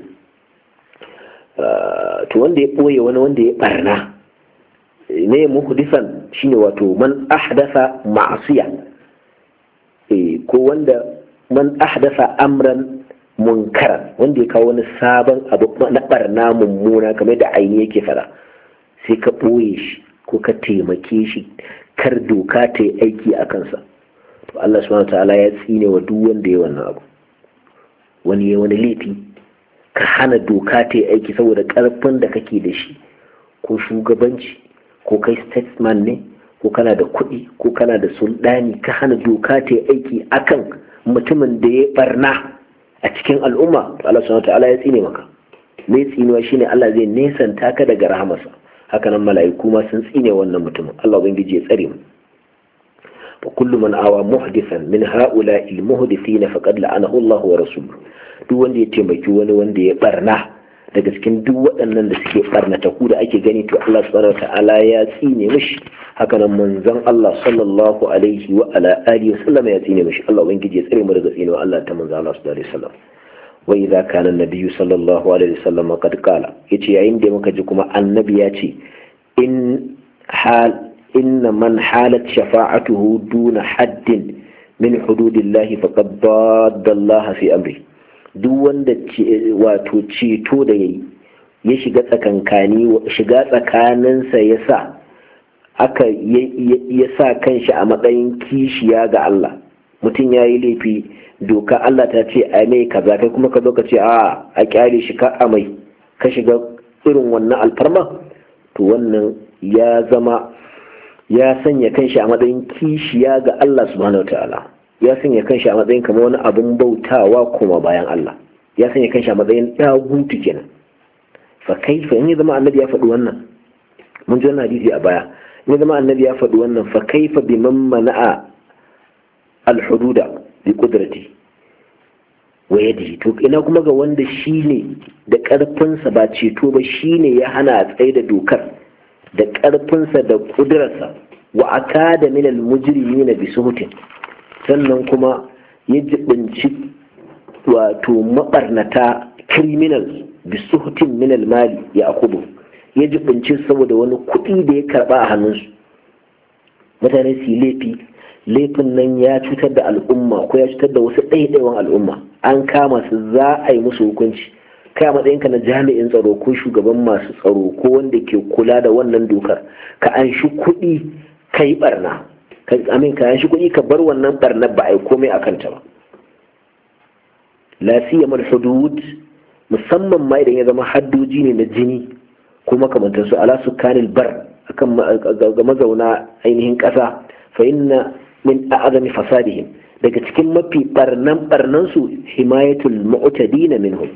Ah, to wanda ya ɓoye wani wanda ya barna ne muhdisan shine wato man ahdasa ma'asiya eh, ko wanda man ahdasa amran munkaran wanda ya kawo wani sabon abu na ɓarna mummuna kamar da aini yake fara sai ka ɓoye shi ko ka taimake shi kar doka ta yi aiki a kansa to Allah subhanahu ta'ala ya tsine wa duk wanda ya wannan abu wani ya wani laifi ka hana doka ta yi aiki saboda karfin da kake da shi ko shugabanci ko kai statesman ne ko kana da kuɗi ko kana da sulɗani ka hana doka ta yi aiki akan mutumin da ya barna a cikin al'umma to Allah subhanahu ta'ala ya tsine maka mai tsinewa shine Allah zai nesanta ka daga rahamarsa nan mala'iku ma sun tsine wannan mutumin Allah ubangiji ya tsare mu fa kullu man awa muhdithan min ha'ula al-muhdithina faqad la'anahu Allah wa rasuluhu duk wanda ya taimaki wani wanda ya barna daga cikin duk waɗannan da suke barnata ku da ake gani to Allah subhanahu ta'ala ya tsine mishi haka nan manzon Allah sallallahu alaihi wa ala alihi wa sallam ya tsine mishi Allah ubangiji ya tsare mu daga tsinewa Allah ta manzon Allah sallallahu alaihi wa sallam wa idza kana nabiyyu sallallahu alaihi wa sallam qad qala yace yayin da muka ji kuma annabi ya ce in hal inna man halat shafa'atuhu duna haddin min hududillahi faqad dadda Allah fi amri duk wanda wato ceto da yayi ya shiga tsakankani shiga tsakaninsa ya sa aka ya sa kanshi a matsayin kishiya ga Allah mutum ya yi laifi doka Allah ta ce a mai kaza kai kuma ka zo ka ce a a kyale shi ka a mai ka shiga irin wannan alfarma to wannan ya zama ya sanya kanshi a matsayin kishiya ga Allah subhanahu wa ta'ala ya sanya kanshi a matsayin kamar wani abin bautawa kuma bayan Allah ya sanya kanshi a matsayin dagutu kenan fa fa in ya zama annabi ya faɗi wannan mun ji wannan hadisi a baya in ya zama annabi ya faɗi wannan fa kaifa bi man mana'a al-hududa bi qudrati wa yadihi to ina kuma ga wanda shine da karfinsa ba ceto ba shine ya hana a tsaye da dokar da karfinsa da kudurarsa wa akada min al-mujrimina bi suhutin sannan kuma ya jibinci wato maɓarnata criminals bisuhutin minal mali ya akubu ya jibinci saboda wani kuɗi da ya karɓa a hannunsu mutane su yi laifi laifin nan ya cutar da al'umma ko ya cutar da wasu ɗaiɗaiwan al'umma an kama su za a yi musu hukunci kai a matsayinka na jami'in tsaro ko shugaban masu tsaro ko wanda ke kula da wannan dokar ka an shi kuɗi kai ɓarna. ka amin kayan shi kuɗi ka bar wannan barnar ba a yi komai a kanta ba lafiya mal hudud musamman ma idan ya zama haddoji ne na jini ko su ala bar akan ga mazauna ainihin ƙasa fa inna min a'azami fasadihim daga cikin mafi barnan barnan su himayatul mu'tadina minhum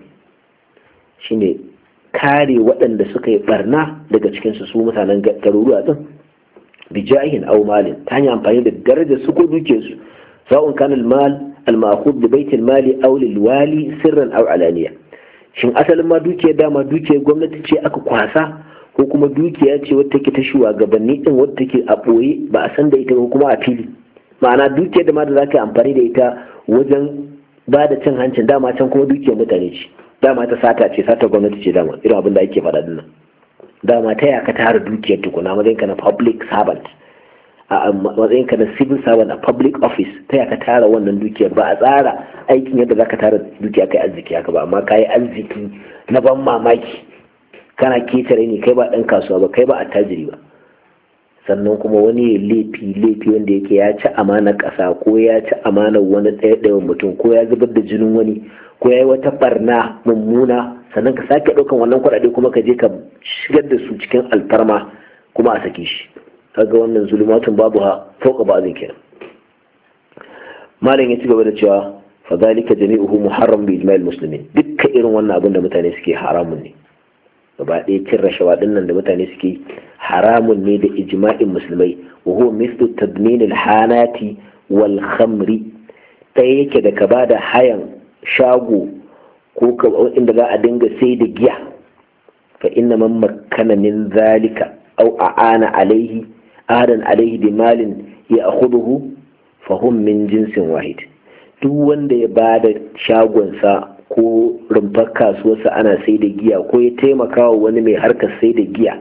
shine kare waɗanda suka yi barna daga cikin su su mutanen garuruwa din bijahin aw malin ta hanyar amfani da darajar su ko dukiyar su saun kan al-mal bi bayt mali aw lil wali sirran aw alaniya shin asalin ma dukiyar dama dukiyar gwamnati ce aka kwasa ko kuma dukiya ce wadda take ta shugabanni din wadda take a boye ba a san da ita kuma a fili ma'ana dukiyar da ma da zaka amfani da ita wajen ba da cin hancin dama can kuma dukiyar mutane ce dama ta sata ce sata gwamnati ce dama irin abin da ake faɗa dinnan dama ta yaka tara dukiyar tukuna matsayinka na public servant a matsayinka na civil servant a public office ta yaka tara wannan dukiyar ba a tsara aikin yadda zaka tara dukiya kai arziki haka ba amma kayi arziki na ban mamaki kana ketare ne kai ba ɗan kasuwa ba kai ba tajiri ba sannan kuma wani ya laifi laifi wanda yake ya ci amanar ƙasa ko ya ci amanar wani ɗaya ɗayan mutum ko ya zubar da jinin wani ko ya yi wata barna mummuna sannan ka sake ɗaukan wannan kuɗaɗe kuma ka je ka shigar da su cikin alfarma kuma a sake shi kaga wannan zulumatun babu ha fauka ba zai kenan malam ya ci gaba da cewa fa zalika jami'uhu muharram bi ijma'il muslimin dukkan irin wannan abin da mutane suke haramun ne gaba ɗaya cin rashawa nan da mutane suke haramun ne da ijma'in musulmai wa huwa mislu tadmin al-hanati wal khamri ɗaya yake da ka bada hayan shago ko inda za a dinga sai da giya fa inna man makkana min zalika aw aana alaihi adan alaihi bi malin ya'khudhu fa hum min jinsin wahid duk wanda ya bada shagonsa ko rumfar kasuwarsa ana sai da giya ko ya taimaka wa wani mai harkar sai da giya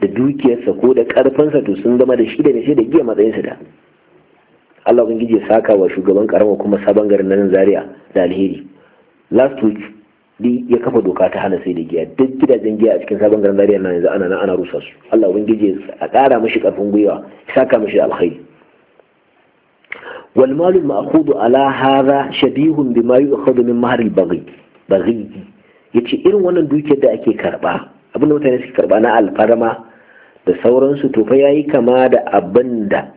da dukiyarsa ko da karfinsa to sun zama da shi da sai da giya matsayinsa da Allah ubangiji ya saka wa shugaban karama kuma sabon garin nan Zaria da alheri last week duk ya kafa doka ta hana sai da giya duk gidajen giya a cikin sabon garin zariya na yanzu ana nan ana rusa su Allah ubangiji a kara mishi karfin gwiwa saka mishi alkhairi wal malu ma'khudu ala hadha shabihun bima yu'khadhu min mahr al baghi baghi yace irin wannan dukiyar da ake karba abinda mutane suke karba na alfarma da sauransu to fa yayi kama da abinda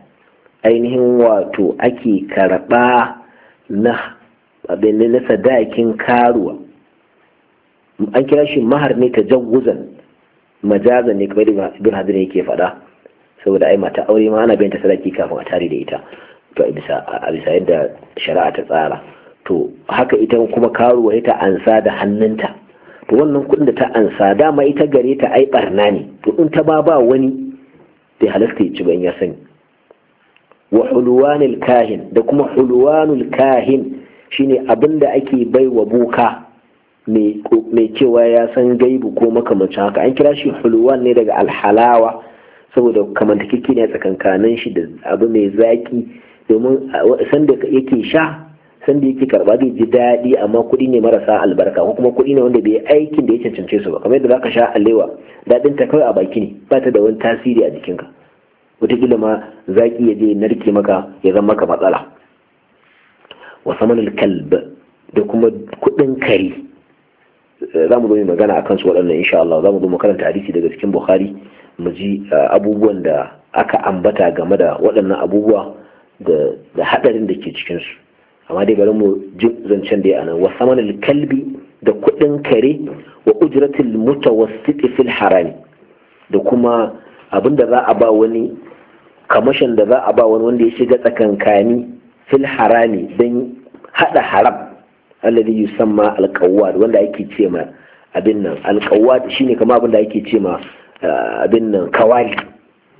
ainihin wato ake karba na abin na sadakin karuwa an kira shi mahar ne ta jawuzan Majaza ne kamar ibn hazin yake faɗa saboda ai mata aure ma ana ta sadaki kafin a tare da ita a bisa yadda shari'a ta tsara to haka ita kuma karuwa ita ansa da hannunta to wannan kuɗin da ta ansa dama ita gare ta ai barna ne to in ta ba ba wani bai halasta ya ci ban ya sani wa hulwanul kahin da kuma hulwanul kahin shine abinda ake baiwa wa boka mai cewa ya san gaibu ko makamancin haka an kira shi hulwan ne daga alhalawa saboda kirki ne tsakankanin shi da abu mai zaki domin sanda yake sha sanda yake karba zai ji daɗi amma kuɗi ne marasa albarka ko kuma kuɗi ne wanda bai aikin da ya cancance su ba kamar yadda zaka sha alewa daɗin ta kawai a baki ne ba ta da wani tasiri a jikinka wataƙila ma zaki ya je narke maka ya zama maka matsala wa samanul kalb da kuma kuɗin kari. Eh, za mu zo yi magana a kansu waɗannan insha Allah za mu zo makaranta hadisi daga cikin Bukhari mu ji eh, abubuwan da aka ambata game da waɗannan abubuwa da haɗarin da ke cikin su amma dai bari mu ji zancen da ya anan wa samanil kalbi da kuɗin kare wa ujratil mutawassiti fil harami da kuma abin da za a ba wani kamashin da za a ba wani wanda ya shiga tsakankani fil harami don haɗa haram alladhi yusamma alqawwad wanda ake ce ma abin nan alqawwad shine kamar abin da ake ce ma uh, abin nan kawali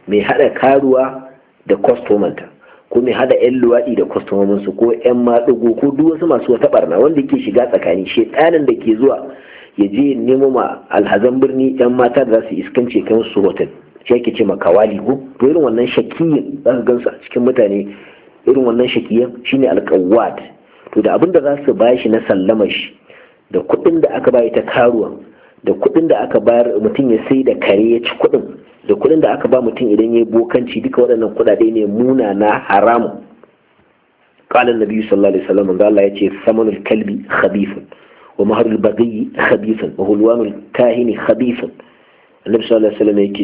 mai hada karuwa da kwastomanta ko mai hada yan luwaɗi da kwastomansu. ko yan maɗugo ko duk wasu masu wata barna wanda ke shiga tsakani shedanin da ke zuwa ya je nemo ma alhazan birni yan mata da za su iskance kan su hotel shi ake ce ma kawali ko to irin wannan shakiyin za su gansu a cikin mutane irin wannan shakiyan shine alqawwad to da abin da za su ba shi na sallama shi da kuɗin da aka bayi ta karuwa da kuɗin da aka bayar mutum ya sai da kare ya ci kuɗin da kuɗin da aka ba mutum idan ya yi bokanci duka waɗannan kuɗaɗe ne muna na haramu قال النبي صلى الله عليه وسلم قال الله يتي ثمن الكلب خبيث ومهر البغي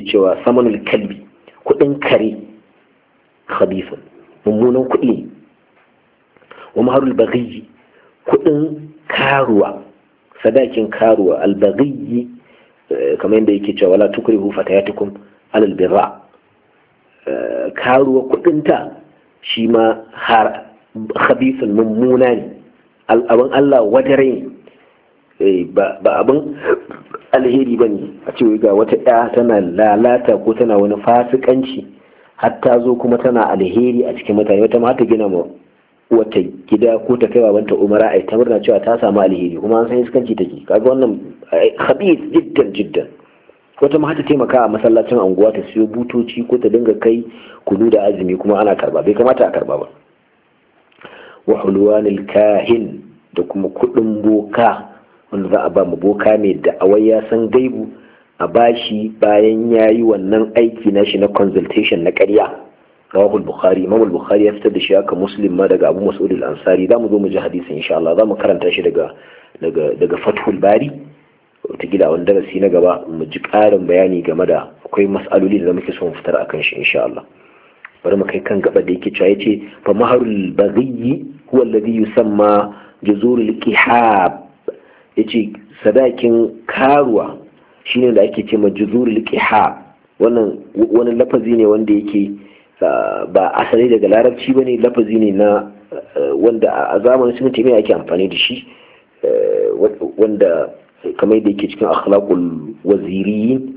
cewa samanul kalbi, kuɗin kare khabithun mummunan kuɗi wa maharul baghi kudin karuwa sadakin karuwa al eh, kamar yadda yake cewa la tukrihu fatayatukum alal birra eh, karuwa kudinta shi ma har khabithun mummuna ne abin Allah wadare eh, ba abin alheri ba ne a ce ga wata ya tana lalata ko tana wani fasikanci hatta zo kuma tana alheri a cikin mutane wata ma ta gina wata gida ko ta kai babanta umara ai ta murna cewa ta samu alheri kuma an san iskanci take kaga wannan khabith jiddan jiddan wata ma ta taimaka a masallacin anguwa ta siyo butoci ko ta dinga kai kudu da azumi kuma ana karba bai kamata a karba ba wa hulwanil kahin da kuma kudin boka wanda za a ba mu boka mai da awai ya san gaibu a bashi bayan yayi wannan aiki na shi na consultation na ƙarya rawahu al-bukhari imam al-bukhari ya fitar da shi haka muslim ma daga abu mas'ud al-ansari zamu zo mu ji hadisin insha Allah zamu karanta shi daga daga daga fathul bari ta gida wani darasi na gaba mu ji ƙarin bayani game da akwai mas'aloli da muke so mu fitar akan shi insha Allah bari mu kai kan gaba da yake cewa yace fa maharul baghi huwa alladhi yusamma juzurul qihab yace sadakin karuwa shine da ake cewa juzurul qihab wannan wani lafazi ne wanda yake ba asali daga larabci ba ne lafazi ne na wanda a zamanin sun taimiyya ake amfani da shi wanda kamar da yake cikin akhlaqul waziriyin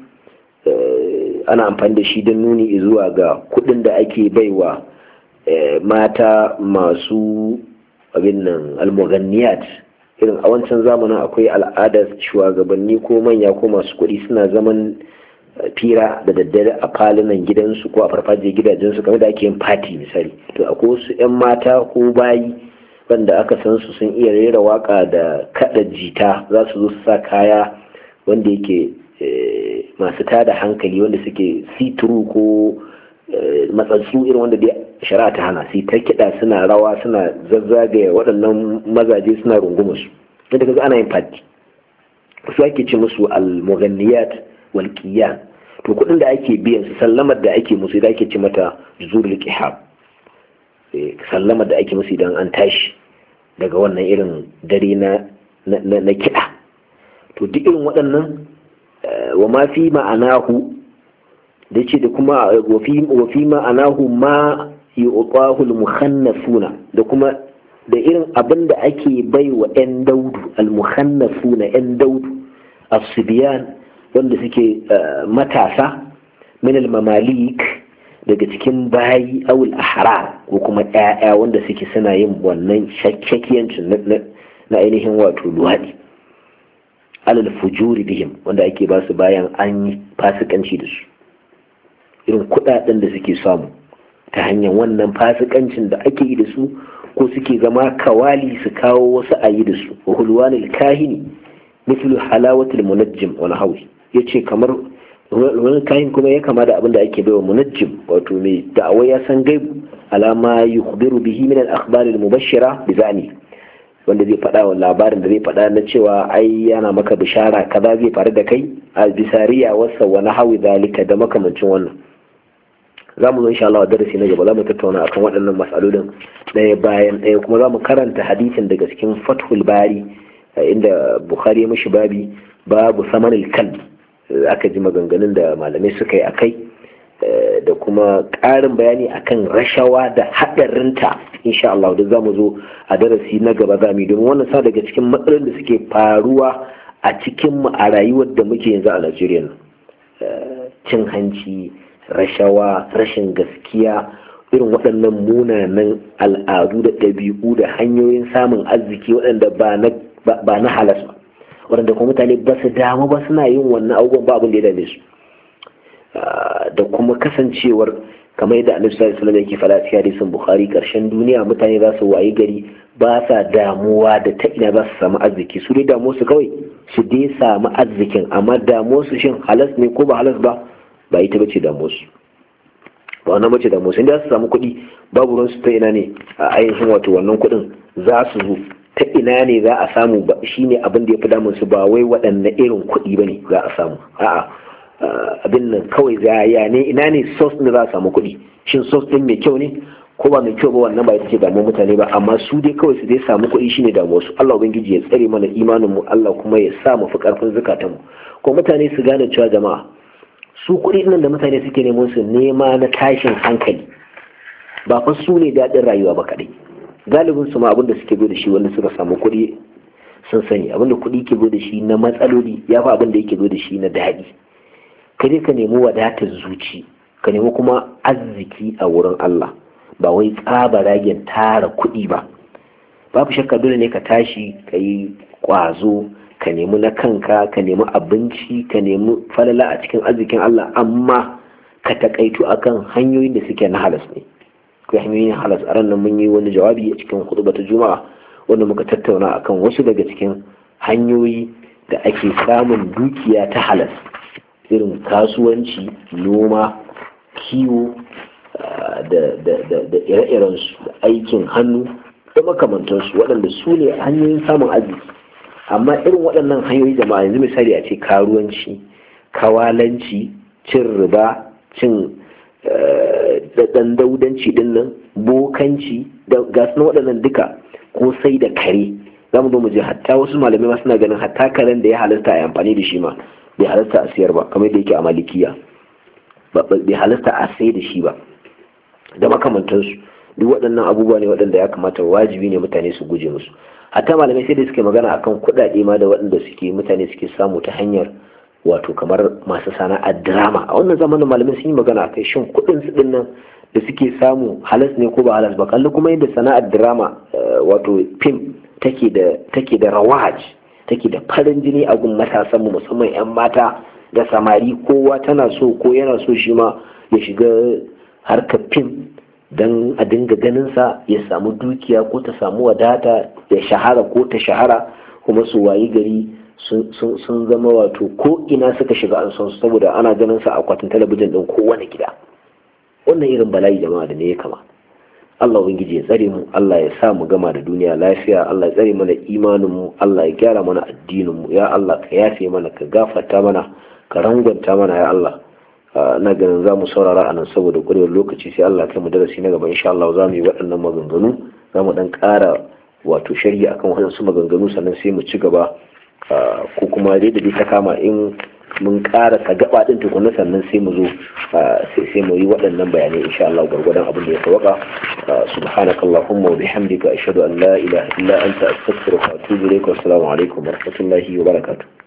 ana amfani da shi don nuni zuwa ga kudin da ake baiwa mata masu abin nan almoganiyat irin a wancan zamanin akwai al'adar shugabanni ko manya ko masu kuɗi suna zaman fira da daddare a falunan gidansu ko a farfajiyar gidajensu kamar da ake yin fati misali to akwai wasu 'yan mata ko bayi wanda aka san su sun iya rera waka da kada jita za su zo su sa kaya wanda yake eh, masu tada hankali wanda suke sitru ko eh, matsatsu irin wanda dai shari'a ta hana sai ta kiɗa suna rawa suna zazzagaya waɗannan mazaje suna rungumar su inda kaga ana yin fati su ake ce musu al-mughanniyat Walƙiya, to kuɗin da ake biyan su sallamar da ake musu idan ake ci mata zurul qihab eh, sallamar da ake musu idan an tashi daga wannan irin dare na na kiɗa to duk irin waɗannan eh, wa ma fi ma'anahu da ce da kuma eh, wa fi ma'anahu ma yi al muhannasuna da kuma da irin abin da ake bai wa 'yan daudu al-mukhannasuna 'yan daudu as-sibyan wanda suke eh, matasa min mamalik daga cikin bayi awul ahara ko kuma ƴaƴa wanda suke suna yin wannan shakkiyancin na ainihin wato luwaɗi alal fujuri bihim wanda ake ba su bayan an yi fasikanci da su irin kuɗaɗen da suke samu ta hanyar wannan fasikancin da ake yi da su ko suke zama kawali su kawo wasu ayi da su wa hulwanil kahini mithlu halawatul munajjim wal hawi ya ce kamar wani kayan kuma ya kama da abinda da ake wa munajjim wato mai da'awai ya san gaibu alama yukhbiru bihi min al-akhbar al wanda zai faɗa wa labarin da zai faɗa na cewa ai yana maka bishara kaza zai faru da kai a bisariya wasa wani hawi zalika da makamancin wannan za mu zo insha Allah darasi na gaba za mu tattauna akan waɗannan mas'alolin ɗaya bayan ɗaya kuma za mu karanta hadisin daga cikin fathul bari inda bukhari ya mishi babi babu samanin kalbi aka ji maganganun da malamai suka yi a kai eh, da kuma ƙarin bayani a kan rashawa da haɗarinta insha Allah da za mu zo a darasi na gaba za mu domin wannan sa daga cikin matsalolin da suke faruwa a cikin mu a rayuwar da muke yanzu a Najeriya eh, cin hanci rashawa rashin gaskiya irin waɗannan munanan al'adu da ɗabi'u da hanyoyin samun arziki waɗanda ba na halas ba waɗanda kuma mutane ba su damu ba suna yin wannan abubuwan ba abin da ya dame su ah, da kuma kasancewar kamar yadda annabi sallallahu alaihi wasallam yake fada cikin hadisin bukhari karshen duniya mutane za su wayi gari ba sa damuwa da ta ina za su samu arziki su dai damu su kawai su dai samu arzikin amma damu su shin halas ne ko ba halas ba ba ita bace damu su ba wannan bace damu su inda su samu kuɗi babu ruwan su ta ina ne a ainihin wato wannan kuɗin za su zo ta ina ne za a samu ba shine abin da ya fi damun su ba wai waɗanne irin kuɗi ba ne za a samu a'a eh, abin nan kawai za ya ne ina ne sos ne za a samu kuɗi shin sos ɗin mai kyau ne ko ba mai kyau ba wannan ba ce damu mutane ba amma su dai kawai su dai samu kuɗi shine damuwa su Allah ubangiji ya tsare mana imanin mu Allah kuma ya sa mu fi karfin zukatan mu ko mutane su gane cewa jama'a su kuɗi nan da mutane suke neman su nema na tashin hankali ba fa su ne daɗin rayuwa ba kaɗai galibin su ma abin da suke zo da shi wanda suka samu kuɗi sun sani abin da kuɗi ke zo da shi na matsaloli ya fi abin da yake zo da shi na daɗi ka je ka nemi wadatar zuci ka nemi kuma arziki a wurin Allah ba wai tsaba ragen tara kuɗi ba babu shakka dole ne ka tashi ka yi ƙwazo ka nemi na kanka ka nemi abinci ka nemi falala a cikin arzikin Allah amma ka taƙaitu akan hanyoyin da suke na halas ne akwai hanyoyin halas a ran nan mun yi wani jawabi a cikin hudu ta juma'a wanda muka tattauna akan wasu daga cikin hanyoyi da ake samun dukiya ta halas irin kasuwanci noma kiwo ah, da ire-irensu da aikin hannu da makamantansu waɗanda su ne hanyoyin samun arziki amma irin waɗannan hanyoyi jama'a yanzu misali a ce karuwanci kawalanci cin riba cin da dandaudanci din nan bokanci da gasu na waɗannan duka ko sai da kare za mu zo mu je hatta wasu malamai ma suna ganin hatta karen da ya halarta a amfani da shi ma bai halarta a siyar ba kamar da yake a malikiya bai halarta a sai da shi ba da makamantansu duk waɗannan abubuwa ne waɗanda ya kamata wajibi ne mutane su guje musu hatta malamai sai da suke magana akan kuɗaɗe ma da waɗanda suke mutane suke samu ta hanyar wato kamar masu sana'ar drama a wannan zamanin malamin sun yi magana kai shin kuɗin su din nan da suke samu halas ne ko ba halas ba kalli kuma yadda sana'ar drama eh, wato fim take da take da rawaj take da farin jini a gun matasan mu musamman yan mata da samari kowa tana so ko yana so shi ma ya shiga harkar fim don a dinga ganin sa ya samu dukiya ko ta samu wadata ya shahara ko ta shahara kuma su wayi gari sun zama wato ko ina suka shiga an san saboda ana ganin sa a akwatin talabijin din kowane gida wannan irin bala'i jama'a da ne ya kama Allah ubangiji ya tsare mu Allah ya sa mu gama da duniya lafiya Allah ya tsare mana imanin mu Allah ya gyara mana addinin mu ya Allah ka yafe mana ka gafata mana ka rangwanta mana ya Allah ah, na ganin za mu saurara a nan saboda ƙwarewar lokaci sai Allah kai mu darasi na gaba insha Allah za mu yi waɗannan maganganu za mu ɗan ƙara wato shari'a akan waɗansu maganganu sannan sai mu ci gaba ko kuma dai da ta kama in mun karasa gaba din tukuna sannan sai mu zo sai mu yi waɗannan bayanai insha Allah gargwadon abin da ya tawaka subhanakallahumma wa bihamdika ashhadu an la ilaha illa anta astaghfiruka wa atubu ilaik assalamu alaikum wa rahmatullahi wa barakatuh